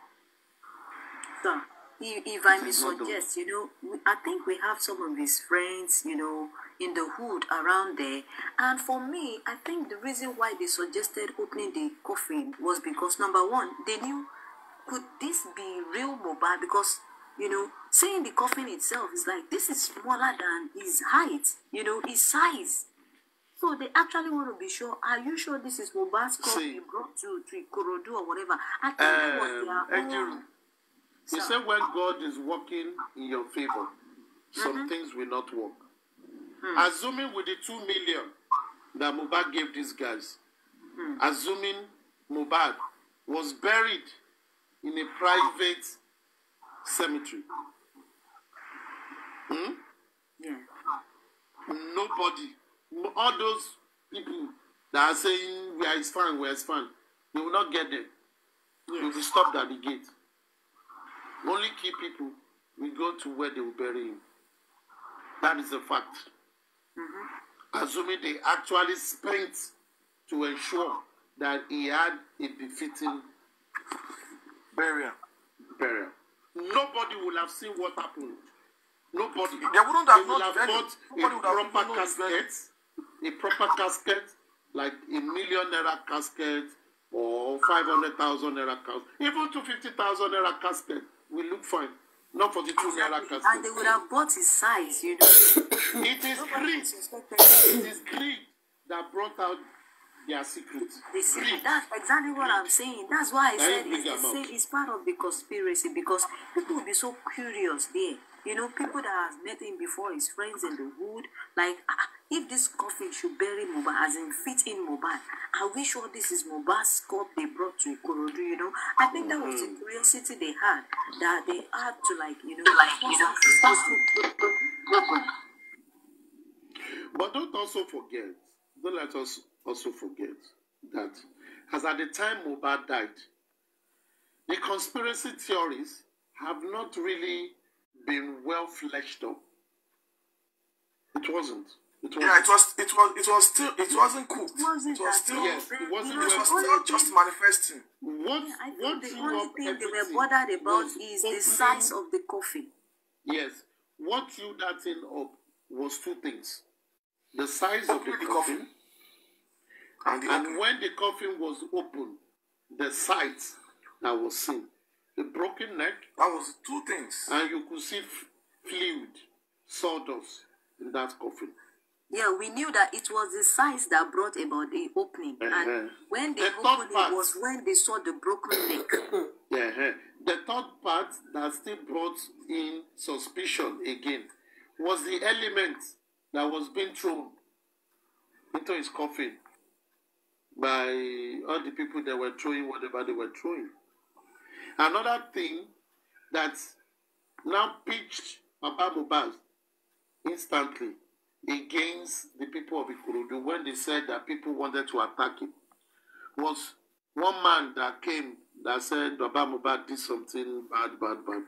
So, if I may suggest, you know, I think we have some of his friends, you know, in the hood around there. And for me, I think the reason why they suggested opening the coffin was because number one, they knew could this be real Mohbad? Because you know, seeing the coffin itself is like this is smaller than his height, you know, his size. So they actually want to be sure. Are you sure this is Mohbad's call he brought to to Ikorodu or whatever? I think um, was their own.
so, said when God is working in your favor, some mm-hmm. things will not work. Hmm. Assuming with the two million that Mubarak gave these guys, hmm. assuming Mubarak was buried in a private cemetery. Hmm? Yeah. Nobody all those people that are saying we are expand, we are expand, they will not get them. Yes. They will be at the gate. Only key people will go to where they will bury him. That is a fact.
Mm-hmm.
Assuming they actually spent to ensure that he had a befitting burial. Burial. Nobody will have seen what happened. Nobody. They wouldn't have, they would have, have bought a proper casket. Value a proper casket like a million naira casket or five hundred thousand naira casket even to fifty thousand naira casket will look fine not for the two naira casket. and they would have
bought his size you know. it is greed it
is greed that brought out their secret. That's
exactly what I'm saying. That's why I that said it's, it's, it's part of the conspiracy because people will be so curious there. You know, people that have met him before, his friends in the wood, like, ah, if this coffin should bury Mubarak, as in fit in Mubarak, are we sure this is Mubarak's corpse they brought to Ikorodu, you know? I think that was the mm-hmm. curiosity they had, that they had to,
like, you know, like, you know, but don't also forget, don't let us also forget that as at the time Mubarak died, the conspiracy theories have not really been well fleshed out. It wasn't. It wasn't. Yeah, it was. It was. It was still. It wasn't cooked. Wasn't it was still. Yes, it wasn't. It was, still just manifesting.
What? Yeah, think what the only thing they were bothered about is the size of
the coffin. Yes, what you that thing up was two things: the size open of the, the coffin, coffin. and, the and when the coffin was open, the sight that was seen a broken neck. That was two things. And you could see fluid, sawdust in that coffin. Yeah, we knew that it was the size that brought about the opening. Uh -huh. And uh-huh. when they the opened part, it was when they saw the broken neck. yeah, uh-huh. the third part that still brought in suspicion again was the element that was being thrown into his coffin by all the people that were throwing whatever they were throwing. another thing that now pitched Baba Mubaz instantly against the people of Ikurudu when they said that people wanted to attack him was one man that came that said Baba Mubaz did something bad, bad, bad.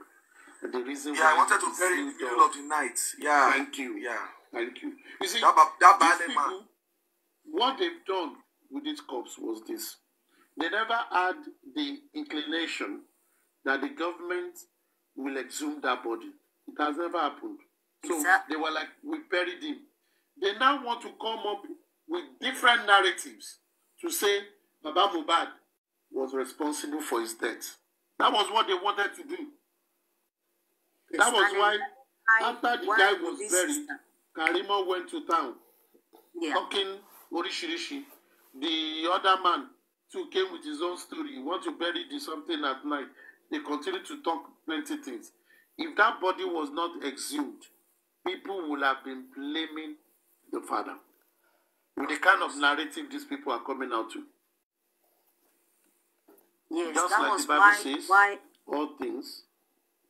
And the reason yeah, why I wanted to bury in the middle of the night. Yeah. Thank you. Yeah. Thank you. You see, that, that bad people, man. what they've done with these cops was this. They never had the inclination that the government will exhume that body. It has never happened. So exactly. they were like, we buried him. They now want to come up with different narratives to say Baba Mohbad was responsible for his death. That was what they wanted to do. Yes, that was why
after the guy was buried,
Karima went to town yeah. talking orishirishi. The other man too came with his own story. He want to bury the something at night. They continue to talk plenty things. If that body was not exhumed, people would have been blaming the father. With the kind of narrative these people are coming out to. Yes, Just that like was the Bible why, says, why... all things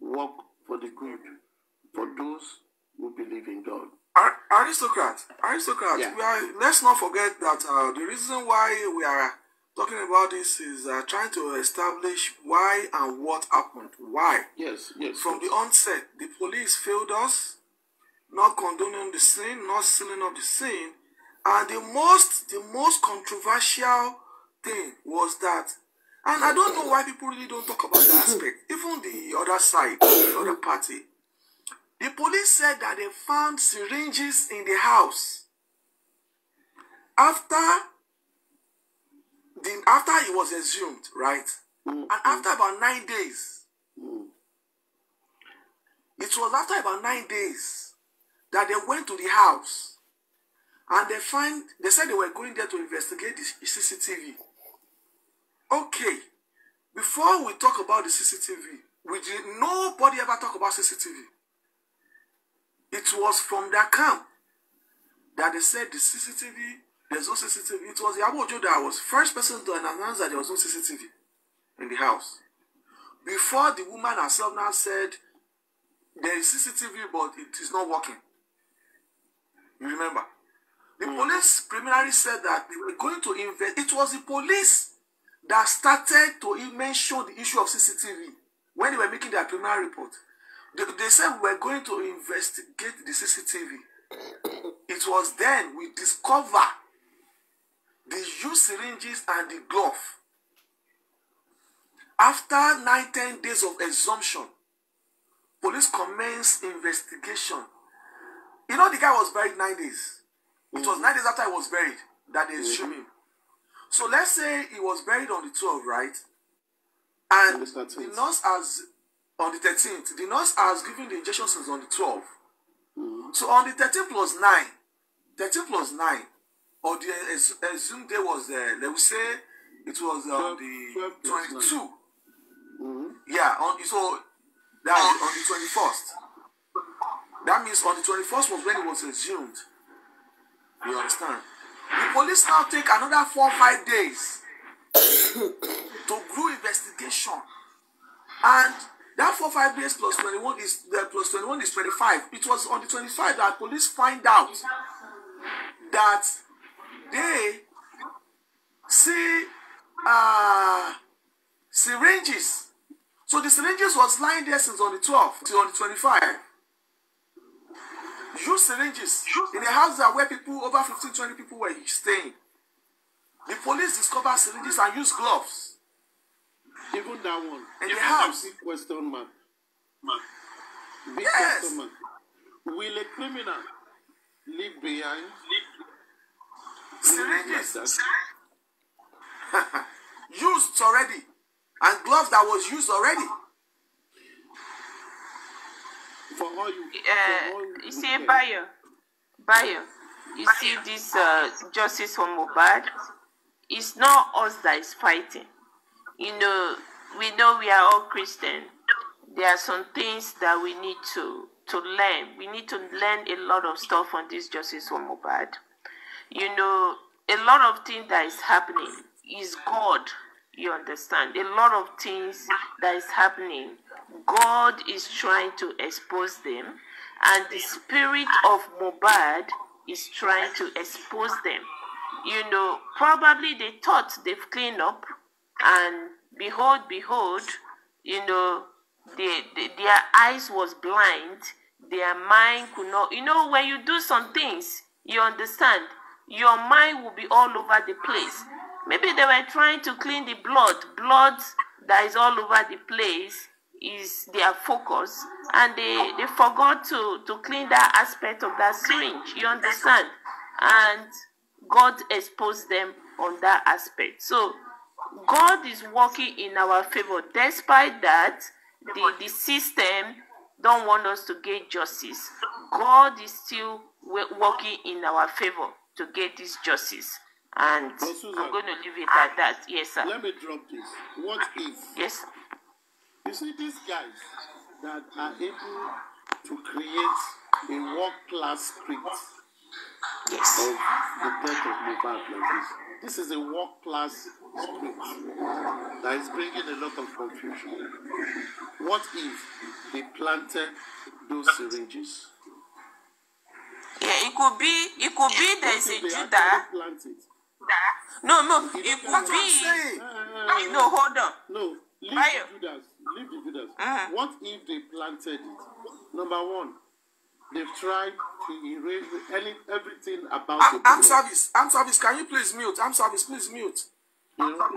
work for the good for those who believe in God. Aristocrat,
aristocrat. Yeah. Are, let's not forget that uh, the reason why we are talking about this is uh, trying to establish why and what happened. Why? Yes, yes. From yes. the onset, the police failed us, not condoning the scene, not sealing up the scene, and the most the most controversial thing was that, and I don't know why people really don't talk about that aspect. Even the other side, the other party, the police said that they found syringes in the house after then after he was exhumed, right? Mm. And after about nine days, mm. it was after about nine days that they went to the house and they find they said they were going there to investigate the CCTV. Okay, before we talk about the CCTV, we did nobody ever talk about CCTV. It was from that camp that they said the CCTV There's no CCTV. It was Yabo Ojo that was first person to announce that there was no CCTV in the house. Before the woman herself now said, there is CCTV, but it is not working. You remember? The mm. police preliminary said that they were going to invest. It was the police that started to mention the issue of CCTV when they were making their preliminary report. They, they said we were going to investigate the CCTV. it was then we discovered They use syringes and the glove. After nine, ten days of assumption, police commence investigation. You know, the guy was buried nine days. It was mm-hmm. nine days after he was buried that they exhumed mm-hmm. him. So let's say he was buried on the 12th, right? And the, the nurse has, on the 13th, the nurse has given the injections on the 12th. Mm-hmm. So on the thirteenth plus 9, 13 plus 9, or the assumed day was there. They will say it was on um, the 22. Mm-hmm. Yeah, on so that on the 21st. That means on the 21st was when it was assumed. You understand? The police now take another four or five days to do investigation, and that four or five days plus 21 is the uh, plus 21 is 25. It was on the 25 that police find out that day eh, see uh, syringes. So the syringes was lying there since on the 12th till on the twenty-five. Use syringes in a house that where people over fifteen twenty people were staying. The police discover syringes and use gloves.
Even that one. In the house. Big question mark. Big yes. question mark. Will a criminal leave behind? Leave
used already. And glove that was used already. For all you, uh, for all you, see, buyer, buyer, you
see this uh, justice from Mobad. It's not us that is fighting. You know, we know we are all Christian. There are some things that we need to to learn. We need to learn a lot of stuff on this justice from Mobad you know, a lot of things that is happening is God. You understand? A lot of things that is happening, God is trying to expose them, and the spirit of Mobad is trying to expose them. You know, probably they thought they've cleaned up, and behold, behold, you know, they, they, their eyes was blind, their mind could not. You know, when you do some things, you understand, your mind will be all over the place. Maybe they were trying to clean the blood. Blood that is all over the place is their focus. And they, they forgot to, to clean that aspect of that syringe. You understand? And God exposed them on that aspect. So God is working in our favor. Despite that, the, the system don't want us to get justice. God is still working in our favor. to get this justice. And oh, Susan, I'm going to leave it at that. Yes, sir. Let
me drop this. What if? Yes. You see, these guys that are able to create a world class script yes. of the death of Mohbad like this. This is a world class script that is bringing a lot of confusion. What if they planted those syringes? Yeah, it could be. It could
be
there is a
Judah. No, no, it could be. no, hold on. No, leave the Judas. Leave the Judas. Uh-huh. What if they planted it? Number one, they've tried to erase any everything about. I'm, I'm service. I'm service. Can you please mute? I'm service. Please mute. You know,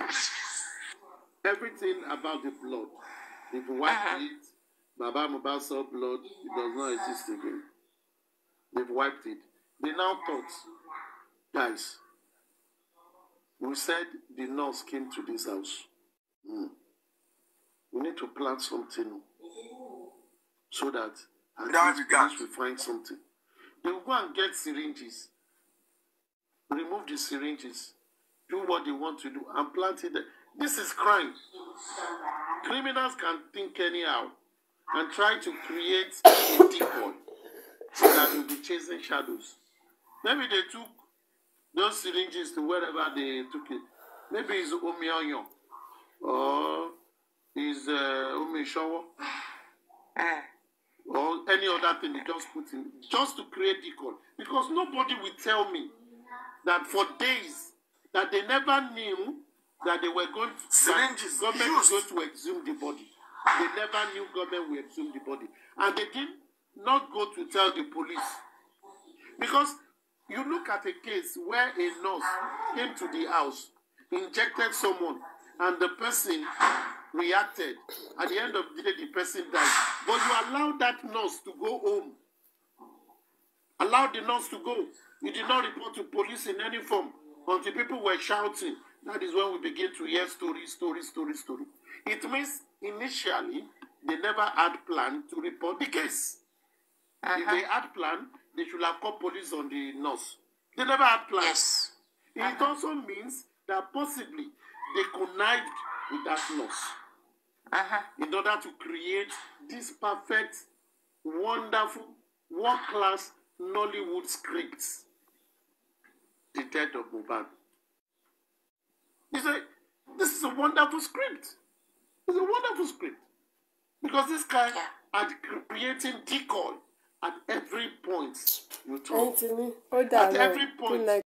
everything about the blood. They've wiped uh-huh. it. Baba Mubasa blood. It does not exist again. They've wiped it. They now thought, guys, we said the nurse came to this house. Mm. We need to plant something so that at least gas. we find something. They will go and get syringes, remove the syringes, do what they want to do, and plant it. There. This is crime. Criminals can think anyhow and try to create a decoy. So that you'll be chasing shadows. Maybe they took those syringes to wherever they took it. Maybe it's Omionyo or it's uh, Omishowo or any other thing they just put in just to create decoy. Because nobody will tell me that for days that they never knew that they were going to, syringes government used. was going to exhume the body. They never knew government would exhume the body. And they didn't not go to tell the police because you look at a case where a nurse came to the house injected someone and the person reacted at the end of the day the person died but you allowed that nurse to go home allowed the nurse to go you did not report to police in any form until people were shouting that is when we begin to hear story story story story it means initially they never had plan to report the case Uh -huh. If uh-huh. they had planned, they should have called police on the nurse. They never had plans. Yes. Uh -huh. It uh-huh. also means that possibly they connived with that nurse uh -huh. in order to create this perfect, wonderful, world-class Nollywood script, The Death of Mubad. You say, this is a wonderful script. It's a wonderful script. Because this guy yeah. had creating decoy at every point. You talk.
At every point.